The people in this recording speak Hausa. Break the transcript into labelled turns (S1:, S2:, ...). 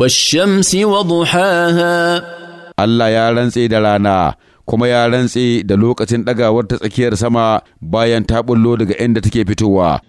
S1: والشمس وضحاها الله يا رنسي دلانا kuma ya rantse da lokacin ɗagawar ta tsakiyar sama bayan ta bullo daga inda take
S2: fitowa